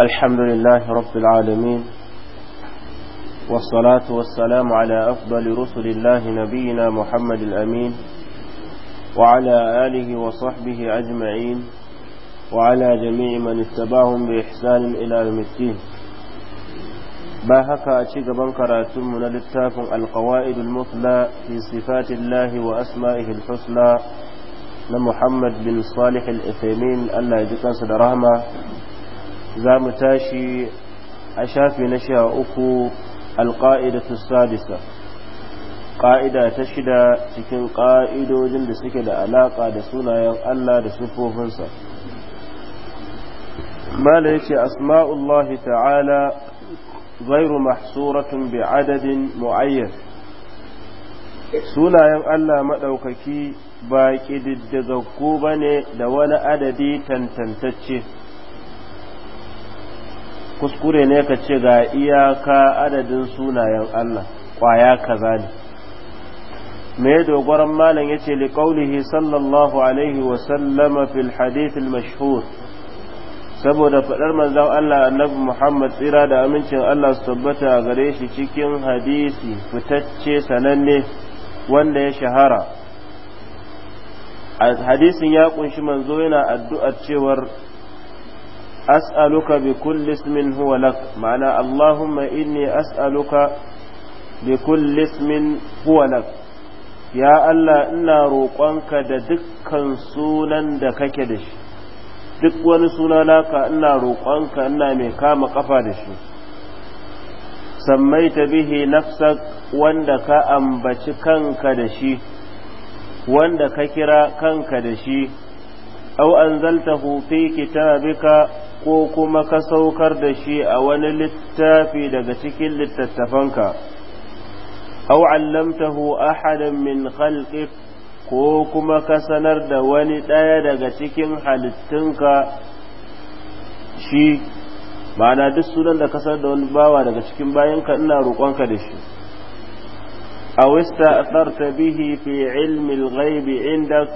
الحمد لله رب العالمين والصلاة والسلام على أفضل رسل الله نبينا محمد الأمين وعلى آله وصحبه أجمعين وعلى جميع من اتباهم بإحسان إلى المسكين باهك أشيك بنكرات من للتاف القوائد المثلى في صفات الله وأسمائه الحسنى لمحمد بن صالح الإثيمين ألا يجكس درهما za mu tashi a shafi na sha uku alƙa'ida ta sadisa ƙa'ida ta shida cikin ƙa'idojin da suke da alaƙa da sunayen Allah da sufofinsa mala yake asma'ullahi ta'ala mahsuratun bi adadin mu'ayyad. sunayen Allah maɗaukaki ba ƙididdigaggu ba ne da wani adadi tantantacce kuskure ne ka ce ga iyaka adadin sunayen Allah kwaya kaza ne me dogoron malam yace li qaulihi sallallahu alaihi wa sallama fil hadith al mashhur saboda fadar manzon Allah annabi Muhammad tsira da amincin Allah su tabbata gare shi cikin hadisi fitacce sananne wanda ya shahara hadisin ya kunshi manzo yana addu'ar cewar as'aluka bi kulli ismin huwa lak ma'ana allahumma inni as'aluka bi kulli ismin huwa lak ya allah ina roƙonka da dukkan sunan da kake da shi duk wani suna naka ina roƙonka ina mai kama kafa da shi sammaita bihi nafsak wanda ka ambaci kanka da shi wanda ka kira kanka da shi au anzaltahu fi kitabika ko kuma ka saukar da shi a wani littafi daga cikin littattafanka aw allamtahu ahadan min khalqik ko kuma ka sanar da wani ɗaya daga cikin halittunka shi ma'ana duk sunan da ka sanar da wani bawa daga cikin bayanka ina roƙonka da shi aw ista'tharta bihi fi ilmi al-ghaibi indak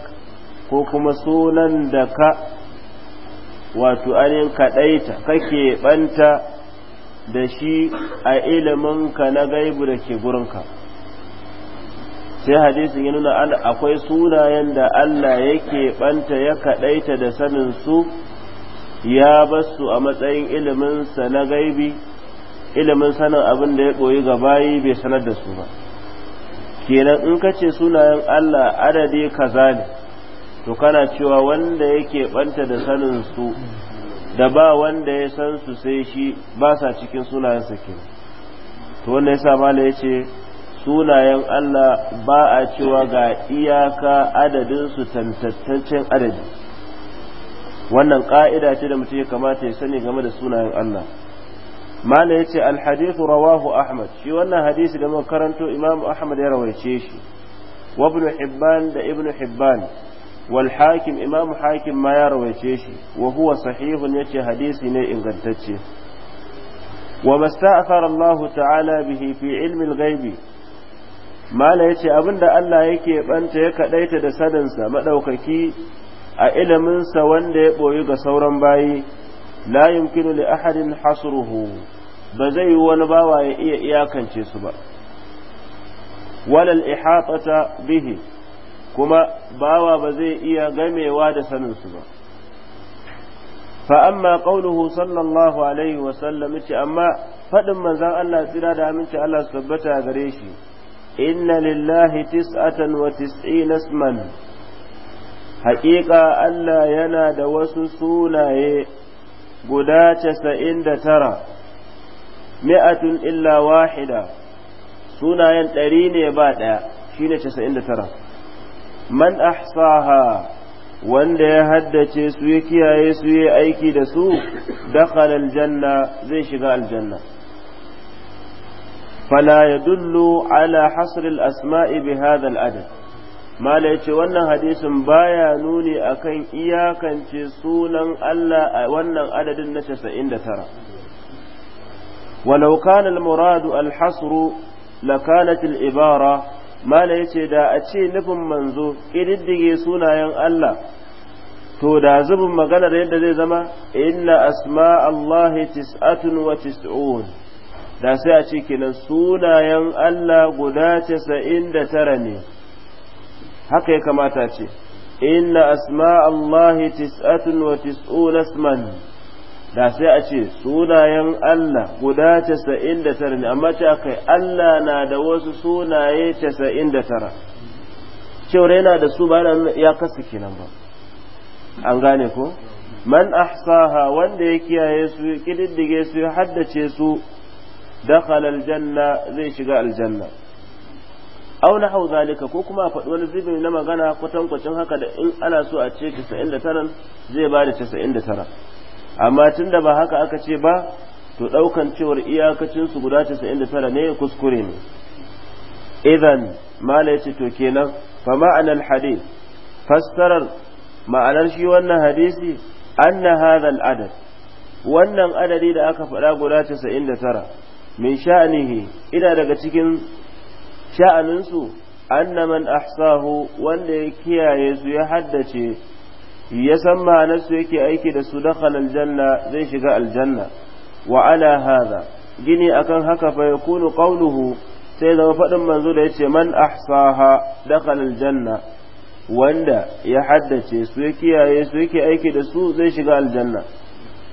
ko kuma sunan da ka wato anin kaɗaita kake ɓanta da shi a ilimin ka na gaibu da ke gurinka sai hadisin ya nuna akwai sunayen da Allah yake ɓanta ya kaɗaita da sanin su ya basu a matsayin iliminsa na gaibi ilimin sanin abin da ya ɓoyi ga bayi bai sanar da su ba kenan in kace sunayen Allah adadi kaza ne to kana cewa wanda yake banta da sanin su da ba wanda ya san su sai shi ba sa cikin sunayen sa ke to wanda ya sa mala ya sunayen Allah ba a cewa ga iyaka adadin su adadi wannan ka'ida ce da mutum ya kamata ya sani game da sunayen Allah mala ya ce rawahu ahmad shi wannan hadisi da muka karanto imam ahmad ya rawaice shi wa ibn hibban da ibn hibban wal imam hakim ma ya rawaice shi wa huwa sahihun yace hadisi ne ingantacce wa masta'athara Allah ta'ala bihi fi ilmi al-ghaibi mala yace abinda Allah yake banta ya kaɗaita da sadansa madaukaki a iliminsa wanda ya boyi ga sauran bayi layin yumkinu li ahadin hasruhu ba zai yi wani bawa ya iya iyakance su ba walal ihatata bihi kuma bawa ba zai iya gamewa da saninsu ba فأما قوله صلى الله عليه وسلم أما فدم من ذا الله سلا دا منك الله سبتا غريشي إن لله تسعة وتسعين اسما حقيقة ألا ينا دوس سونا قدا تسعين ترى مئة إلا واحدة سونا ينتريني بعد شين تسعين ترى man ahsaha wanda ya haddace su ya kiyaye su ya aiki da su dakhala aljanna zai shiga aljanna fala yadullu ala hasr al-asma'i bi hadha al mala yace wannan hadisin baya nuni akan iyakance sunan Allah a wannan adadin na 99 walau kana al-muradu al-hasru lakanat ibara mala yace da a ce nufin manzo ƙididdige sunayen Allah to da zubin maganar yadda zai zama inna asma Allah tis'atun wa tis'un da sai a ce kenan sunayen Allah guda casa'in da tara ne haka ya kamata ce inna asma Allah tis'atun wa tis'un asman da sai a ce sunayen Allah guda casa'in da tara ne amma ta kai Allah na da wasu sunaye casa'in da tara cewar yana da su bayan ya kasu kenan ba an gane ko man ahsaha wanda ya kiyaye su ya kididdige su ya haddace su dakhala aljanna zai shiga aljanna na hauzalika zalika ko kuma a faɗi wani zibin na magana kwatankwacin haka da in ana so a ce 99 zai ba da 99 amma tunda ba haka aka ce ba to ɗaukan cewar iyakacin su guda 99 ne kuskure ne idan mala yace to kenan fa ma'anar hadith fassarar ma'anar shi wannan hadisi anna hadha al-adad wannan adadi da aka faɗa guda 99 min sha'anihi ina daga cikin sha'aninsu na man ahsahu wanda ya kiyaye su ya haddace ya san su yake aiki da su dakhala aljanna zai shiga aljanna wa ala hadha gini akan haka fa yakunu qawluhu sai zama fadin manzo da yace man ahsaha dakhala aljanna wanda ya haddace su ya kiyaye su yake aiki da su zai shiga aljanna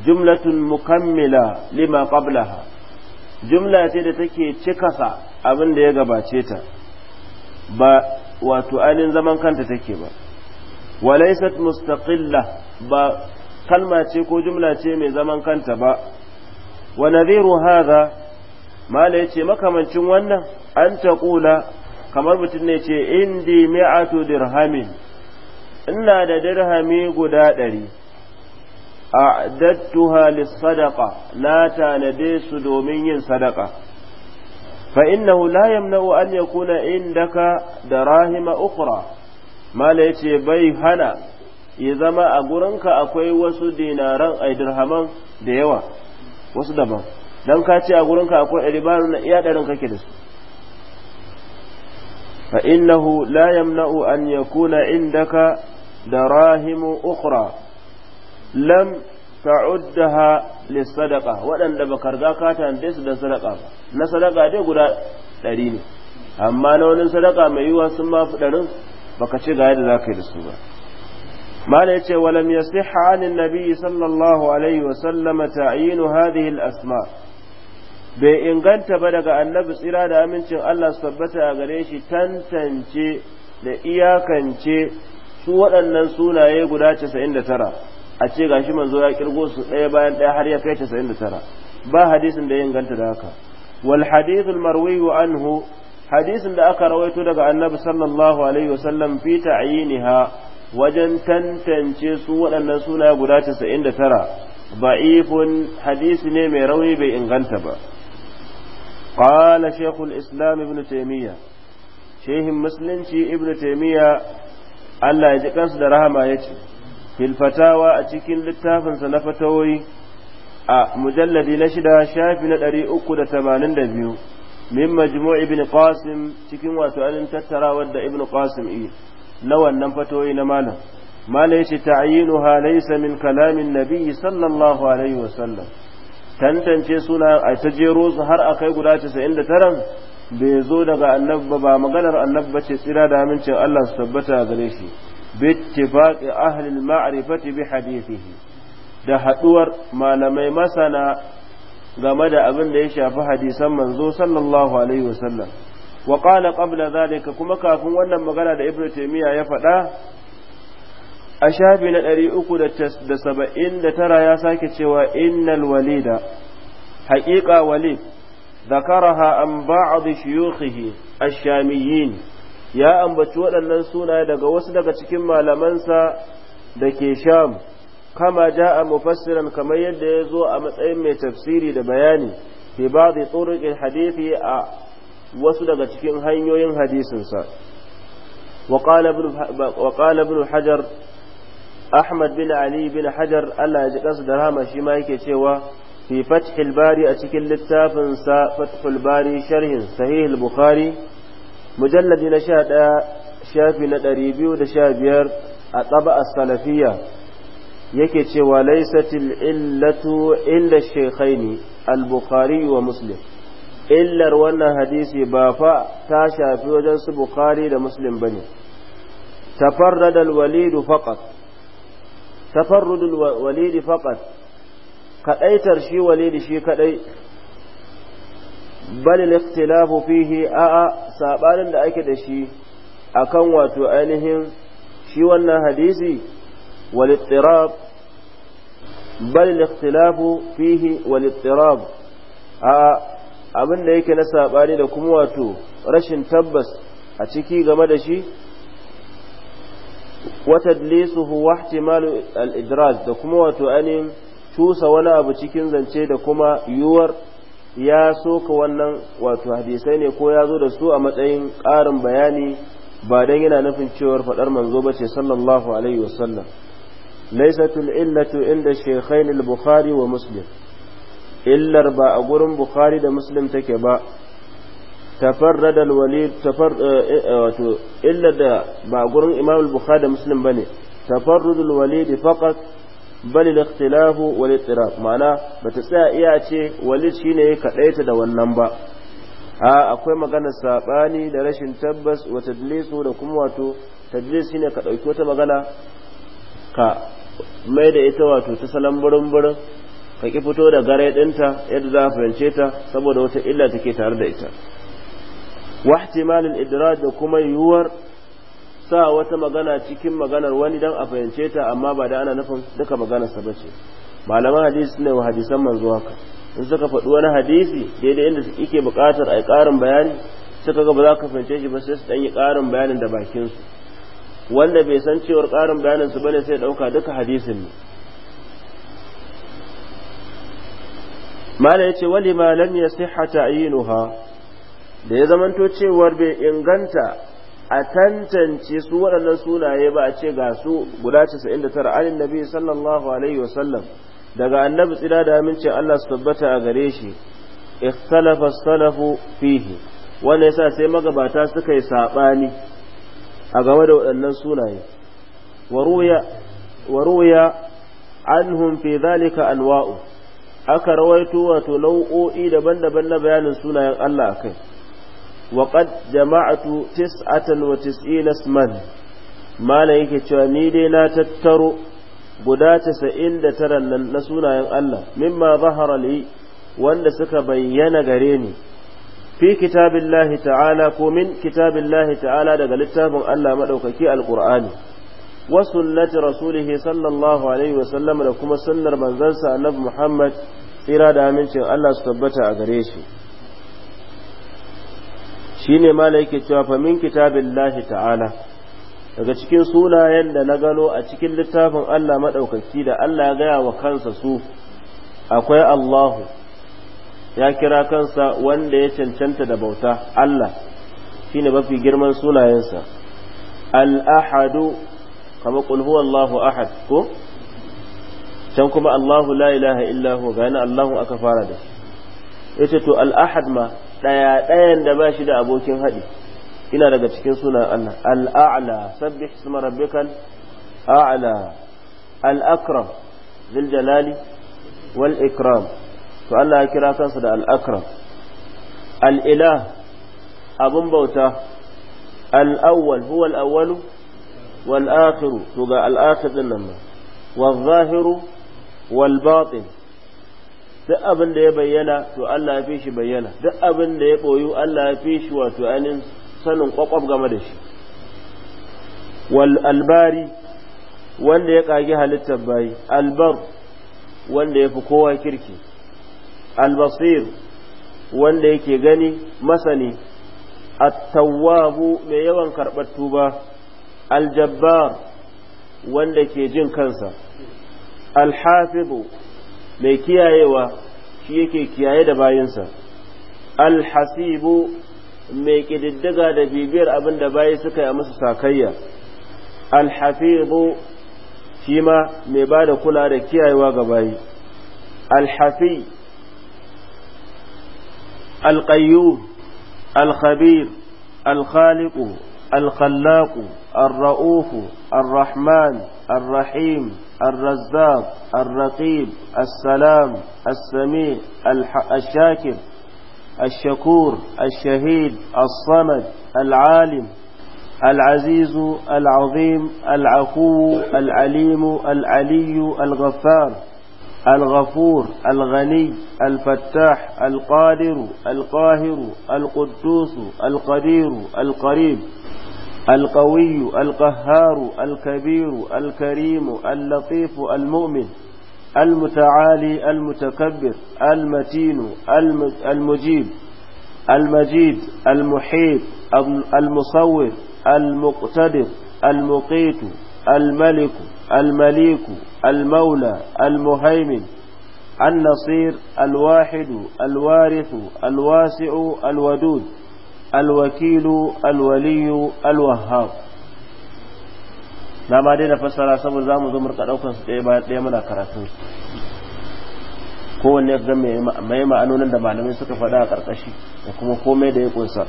jumlatun mukammila lima qablaha jumla ce da take cikasa abin da ya gabace ta ba wato ainihin zaman kanta take ba walaisat mustaqilla ba kalma ce ko jumla ce mai zaman kanta ba wa nadhiru hadha mala yace makamancin wannan an taqula kamar mutum ne ce indi mi'atu dirhamin ina da dirhami guda ɗari a'dattuha lis-sadaqa na tanade su domin yin sadaqa fa innahu la yamna'u an yakuna indaka darahima ukhra mala ya ce bai hana ya zama a gurinka akwai wasu dinaran a dirhaman da yawa wasu daban don ka ce a gurinka akwai ribaru na iya ɗarin kake da su fa innahu la yamna'u an yakuna indaka darahimu ukhra lam ta'uddaha lisadaqa wadanda ba karga ka tande su da sadaqa ba na sadaqa dai guda ɗari ne amma na wani sadaqa mai yiwa sun ma fi ɗarin baka ce ga yadda za ka yi da su ba mala ya ce walam ya sai hannun nabi sallallahu alaihi wasallama ta'ayinu hadihil asma bai inganta ba daga annabi tsira da amincin Allah su tabbata a gare shi tantance da iyakance su waɗannan sunaye guda tara a ce gashi manzo ya kirgo su ɗaya bayan ɗaya har ya kai tara ba hadisin da ya inganta da haka wal hadithul marwiyu anhu hadisin da aka rawaito daga annabi sallallahu alaihi wasallam fi ta'yiniha wajen tantance su waɗannan sunaye guda 99 ba'ifun hadisi ne mai rauni bai inganta ba qala shaykhul islam ibn taymiya shehin musulunci ibn taymiya Allah ya ji kansu da rahama yace fil fatawa a cikin littafinsa na fatawoyi a mujalladi na shida shafi na 382 min majmu' ibn qasim cikin wato anin tattara wadda ibn qasim yi na wannan fatoyi na malam mala yace ta'yinuha laysa min kalamin nabiy sallallahu alaihi wa sallam tantance suna a ta su har akai guda 99 bai zo daga annabba ba maganar annabi ce tsira da amincin Allah su tabbata gare shi bittifaqi ahli al-ma'rifati bi hadithihi da haduwar malamai masana game da abin da ya shafi hadisan manzo sallallahu alaihi wasallam wa qala qabla zalika kuma kafin wannan magana da ibnu taymiya ya faɗa a shafi na ɗari uku da saba'in da tara ya sake cewa innal walida haƙiƙa walid zakaraha an ba'd shuyukhihi ash ya ambaci waɗannan suna daga wasu daga cikin malamansa da ke sham kama a mufassiran kamar yadda ya zo a matsayin mai tafsiri da bayani fi ba'dhi turuqil hadisi a wasu daga cikin hanyoyin hadisinsa. sa wa hajar ahmad bin ali bin hajar Allah ya ji da rahama shi ma yake cewa fi fathil bari a cikin littafin sa fathul bari sharhin sahih bukhari mujalladi na ɗaya shafi na da biyar a tsaba a salafiyya yake cewa laisatil illatu inda ne al-bukhari wa muslim illar wannan hadisi ba fa ta shafi wajen su bukhari da muslim bane ne. al-walid faqat tafarrud al faqat kadaitar shi walid shi kadai bal al-ikhtilafu fihi a a sabanin da ake da shi akan wato ainihin shi wannan hadisi والاضطراب بل الاختلاف فيه والاضطراب abin da yake na saɓani da kuma wato rashin tabbas a ciki game da shi wata lisuhu wa ihtimalu al-idraj da kuma wato ainihin cusa wani abu cikin zance da kuma yiwuwar ya soka wannan wato hadisai ne ko ya zo da su a matsayin ƙarin bayani ba dan yana nufin cewar faɗar manzo bace sallallahu alaihi wasallam ليست العلة عند الشيخين البخاري ومسلم إلا ربا أقول بخاري دا مسلم تكبا تفرد الوليد تفر إلا دا بأقول إمام البخاري دا مسلم بني تفرد الوليد فقط بل الاختلاف والاضطراب معناه بتساء iya وليد شيني كأيت دا والنمبا أقول wannan ba a akwai maganar sabani da rashin tabbas wa tadlisu da kuma wato mai da ita wato ta salon burin ka ki fito da gare ɗinta yadda za a fahimce ta saboda wata illa take tare da ita wahtimalin idraj da kuma yiwuwar sa wata magana cikin maganar wani dan a fahimce ta amma ba da ana nufin duka maganarsa ba ce malaman hadisi ne wa hadisan manzo haka in suka faɗi wani hadisi daidai inda yake buƙatar a ƙarin bayani suka ga ba za ka fahimce shi ba sai su ɗan yi ƙarin bayanin da bakinsu wanda bai san cewar ƙarin bayanin su bane sai ɗauka duka hadisin ne mala yace wali ma lam yasihha ta'inuha da ya zamanto cewar bai inganta a tantance su waɗannan sunaye ba a ce ga su guda 99 alin nabi sallallahu alaihi wasallam daga annabi tsira da amince Allah su tabbata a gare shi ikhtalafa salafu fihi wanda yasa sai magabata suka yi sabani a game da waɗannan sunaye wa ruya anhum fi zalika anwa'u aka rawaito wato nau'o'i daban-daban na bayanin sunayen Allah akai wa qad jama'atu tis'atan wa tis'ina isman mala yake cewa ni dai na tattaro guda 99 tara na sunayen Allah mimma zahara li wanda suka bayyana gare ni fi kitabillahi ta'ala ko min kitabillahi ta'ala daga littafin Allah al alqur'ani wa sunnati rasulihi sallallahu alaihi wa sallam da kuma sunnar manzansa annabi Muhammad tsira da amincin Allah su tabbata a gare shi shine mala yake cewa fa min kitabillahi ta'ala daga cikin sunayen da na gano a cikin littafin Allah Maɗaukaki da Allah ya gaya wa kansa su akwai Allahu ya kira kansa wanda ya cancanta da bauta Allah shine mafi girman sunayensa al-ahadu kama qul allahu ahad ko can kuma Allahu la ilaha illahu huwa Allahu aka fara da shi yace to al-ahad ma ɗaya-ɗayan da shi da abokin hadi ina daga cikin sunan Allah al-a'la sabbih isma a'la al-akram dhil jalali wal ikram to Allah ya kira kansa da al'akra al'ila al-ilah bauta al'awwal awwal huwa al-awwalu to ga al nan zahiru wal duk abin da ya bayyana to Allah ya fi shi bayyana duk abin da ya boyu Allah ya fi shi wato ainihin sanin kwakwaf game da shi walalbari wanda ya kage halittar bayi albar wanda ya fi kowa kirki albasir wanda yake gani masani attawwabu mai yawan karɓar tuba aljabbar wanda ke jin kansa alhafizu mai kiyayewa shi yake kiyaye da bayansa alhasibu mai ƙididdiga da bibiyar abin da bayi suka yi musu sakayya alhafizu shi ma mai ba da kula da kiyayewa ga bayi alhafi القيوم الخبير الخالق الخلاق الرؤوف الرحمن الرحيم الرزاق الرقيب السلام السميع الشاكر الشكور الشهيد الصمد العالم العزيز العظيم العفو العليم العلي الغفار الغفور الغني الفتاح القادر القاهر القدوس القدير القريب القوي القهار الكبير الكريم اللطيف المؤمن المتعالي المتكبر المتين المجيب المجيد المحيط المصور المقتدر المقيت Almaliku, Almaliku, المولى المهيمن النصير الواحد الوارث الواسع الودود الوكيل الولي الوهاب na ma da fassara saboda za mu zo murka ɗaukar su ɗaya bayan ɗaya muna karatun su kowanne ga mai ma'anonin da malamai suka faɗa a ƙarƙashi da kuma da ya ƙunsa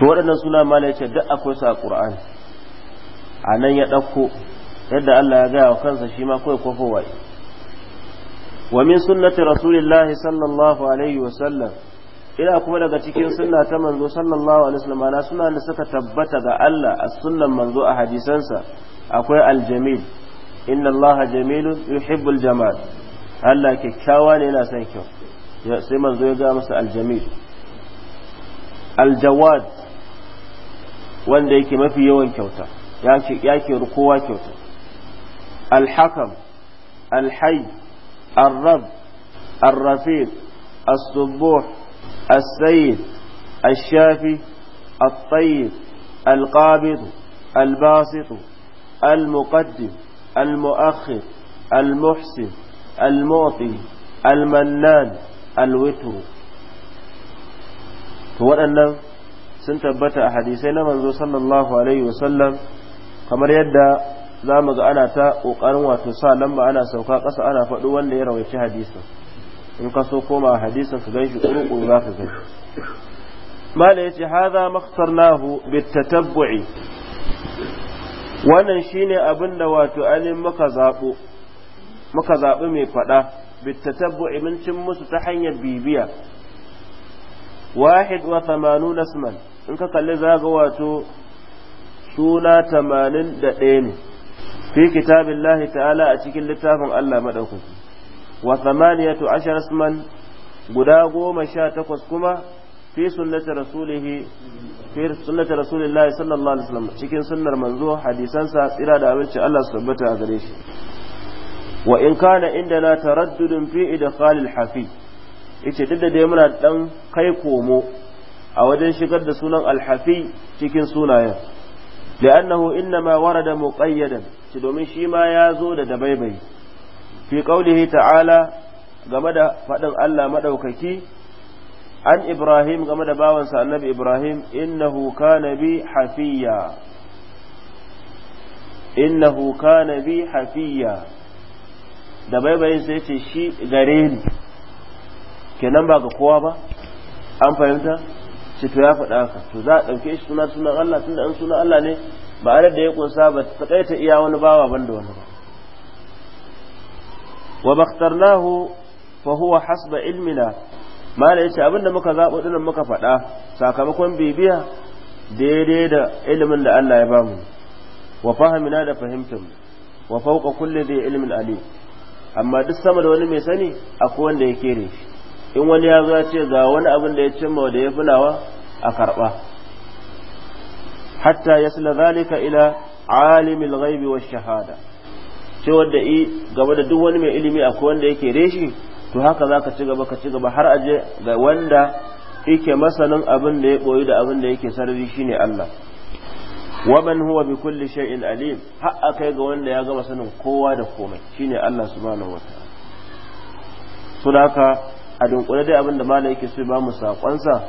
to waɗannan suna ma duk akwai su a ƙur'ani a nan ya ɗauko yadda Allah ya gaya wa kansa shi ma kawai kwafowa wa min sunnati rasulillahi sallallahu alaihi wa sallam ina kuma daga cikin sunna ta manzo sallallahu alaihi wasallam ana suna da suka tabbata ga Allah a sunnan manzo a hadisansa akwai aljamil inna Allah jamilun yuhibbul jamal Allah kyakkyawa ne yana son kyau sai manzo ya ga masa aljamil aljawad wanda yake mafi yawan kyauta ya keru kowa kyauta alhakam alhai arrab الرفيق الصبوح السيد الشافي الطيب القابض الباسط المقدم المؤخر المحسن المعطي المنان الوتر waɗannan sun tabbata a hadisai na manzo sallallahu alaihi kamar yadda za mu ga ana ta ƙoƙarin wato sa lamba ana sauka kasa ana faɗo wanda ya rawaici hadisin in ka so koma hadisin su gan shi ƙuruƙuru za ka gan mala ya ce haza makhtarnahu bitatabbu'i wannan shine abin da wato ainihin muka zaɓo muka zaɓi mai faɗa bitatabbu'i mun cin musu ta hanyar bibiya wahid wa nasman in ka kalli ga wato suna tamanin da ɗaya ne fi kitabin lahi ta'ala a cikin littafin Allah maɗaukaki wa samaniyatu ashar man guda goma sha takwas kuma fi sunnati rasulihi fi sunnati rasulillahi sallallahu alaihi wasallam cikin sunnar manzo hadisansa tsira da abinci Allah su tabbata a gare shi wa in kana indana taraddudun fi idkhal al-hafi yace duk da dai muna dan kai komo a wajen shigar da sunan al-hafi cikin sunayen لأنه إنما ورد مقيدا تدومين شيما يازو دا دبيبي في قوله تعالى غمدا فدن الله مدوككي عن إبراهيم غمدا باوانسا النبي إبراهيم إنه كان بي حفيا إنه كان بي حفيا دبيبي سيتي شي غريني kenan ba ga kowa ba an fahimta ce to ya faɗa haka to za a ɗauke shi suna sunan Allah tunda in sunan Allah ne ba a da ya kunsa ba ta takaita iya wani bawa ban da wani ba wa bakhtarnahu fa huwa hasba ilmina mala yace abinda muka zabo dinnan muka faɗa sakamakon bibiya daidai da ilimin da Allah ya bamu wa fahimina da fahimtar wa fawqa kulli dhi ilmin ali amma duk sama da wani mai sani akwai wanda ya kere shi in wani ya zuwa ce ga wani abin da ya cimma da ya fulawa a karɓa hatta yasla zalika ila alimil ghaibi wash shahada ce wanda i gaba da duk wani mai ilimi akwai wanda yake reshi to haka zaka ci gaba ka ci gaba har aje ga wanda yake masanin abin da ya boyi da abin da yake sarri shine Allah wa man huwa bi kulli shay'in alim har akai ga wanda ya gama sanin kowa da komai shine Allah subhanahu wataala so da haka a dunkule dai abinda malam yake so ba mu sakonsa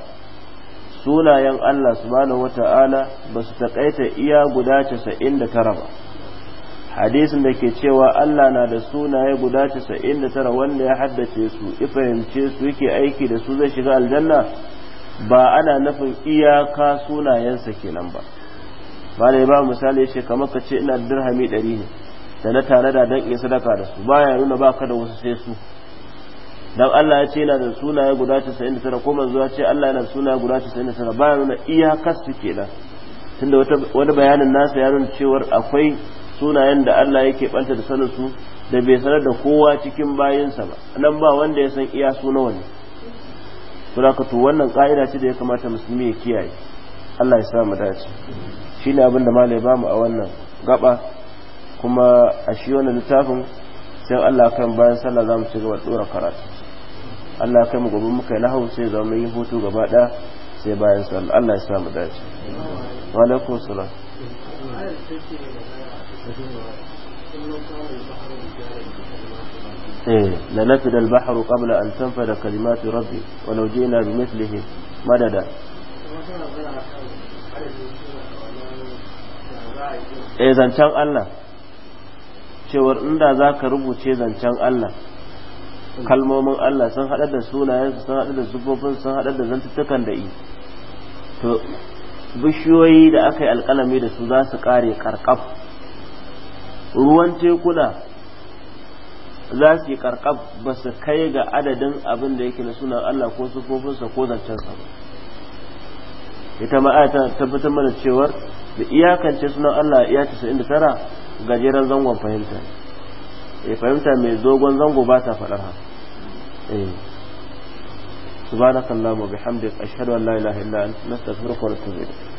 sunayen Allah subhanahu wata'ala ba su takaita iya guda casa'in da tara ba hadisin da ke cewa Allah na da sunaye guda casa'in da tara wanda ya haddace su ifayance su yake aiki da su zai shiga aljanna ba ana nufin iyaka sunayensa kenan ba bada ba misali ya ce kamar ka ce ina da dirhami 100 ne da na tare da dan in sadaka da su baya nuna baka da wasu sai su dan Allah ya ce yana da sunaye guda 99 ko manzo ya ce Allah yana da sunaye guda 99 ba nuna iyakar su kenan tunda wata wani bayanin nasa ya nuna cewar akwai sunayen da Allah yake banta da sanin su da bai sanar da kowa cikin bayinsa ba nan ba wanda ya san iya su nawa saboda to wannan ka'ida ce da ya kamata musulmi ya kiyaye Allah ya sa mu dace shine abin da malai ba mu a wannan gaba kuma a shi wannan littafin sai Allah kan bayan sallah zamu mu ci gaba da karatu Allah kai mu gobe muka yi lahau sai zama yi hutu gaba ɗaya sai bayan sallah Allah ya samu dace wa alaikum salam eh, qabla an قبل أن تنفد كلمات ربي jina bi بمثله madada. eh zancen Allah cewar inda za ka rubuce zancen Allah kalmomin Allah sun haɗa da sunayensu sun haɗa da sufofin sun haɗa da zantuttukan da to bishiyoyi da aka yi alƙalami da su za su ƙare ƙarƙaf ruwan tekuna za su yi ƙarƙaf ba su kai ga adadin abin da yake na sunan Allah ko sufofinsa ko zancensa ita ma'a ta tabbatar mana cewar da iyakance sunan Allah iya 99 gajeren zangon fahimta ya fahimta mai zogon zango ba ta faɗar haka eh. subhanakallahumma bihamdika ashhadu an la ilaha illa anta nastaghfiruka wa natubu ilayk